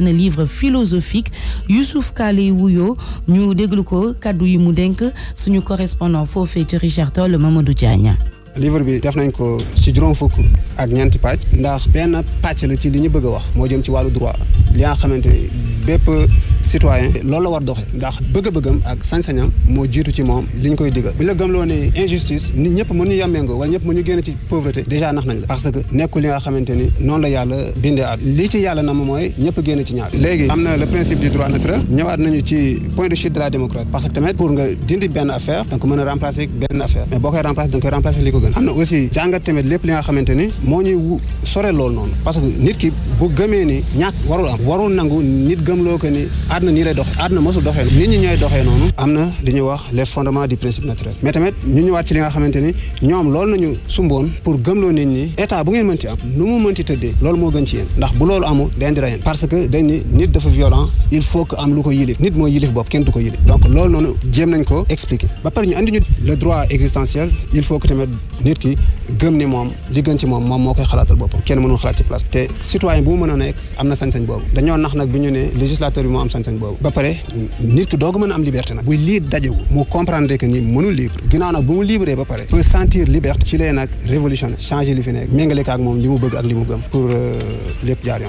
benn livre philosophique Youssouf Kale Wuyo ñu déglu ko kàddu yi mu denk suñu correspondant foofee ci Richard Toll Mamadou Diagne. livre bi def nañ ko ci juróom fukk ak ñeenti pàcc ndax benn pàcc la ci li ñu bëgg a wax moo jëm ci wàllu droit li nga xamante bépp citoyen loolu la war doxee ndax bëgg-bëggam ak sañ-sañam moo jiitu ci moom li ñu koy digal bu ñu la gëmloo ne injustice nit ñëpp mënuñu yàmmeengo wala nga xamante ni noonu la na génn ci ñaar léegi am na le principe du droit naturel ñëwaat nañu ci point de chute de la démocratie parce que tamit pour nga dindi benn affaire nga ko mën a remplacer benn affaire mais boo koy remplacer da nga koy remplacer li ko gën am na aussi jàngat tamit lépp li nga xamante moo ñuy sore àdduna nii lay dox àdduna mosul doxee nit ñi ñooy doxee noonu am na li ñuy wax les fondements du principe naturel mais tamit ñu ñëwaat ci li nga xamante ni ñoom loolu nañu sumboon pour gëmloo nit ñi état bu ngeen mënti am moo gën ci yéen ndax bu loolu amul dañ di rayeen parce que nañ ko expliquer ba pare ñu andi ñu le droit existentiel il faut que tamit nit ki gëm ni moom li gën ci moom moom moo koy xalaatal boppam kenn mënul xalaat ci place te citoyen bu mu mën a nekk am na sañ-sañ boobu dañoo nax nag bi sañ ba pare nit ki doog a am liberté nag buy lii dajewu mu comprendre que ni mënul libre ginnaaw nag bu mu libre ba pare peut sentir liberté ci lee nag révolution changer li fi nekk méngale ak moom li mu bëgg ak li mu gëm pour euh, lépp jaar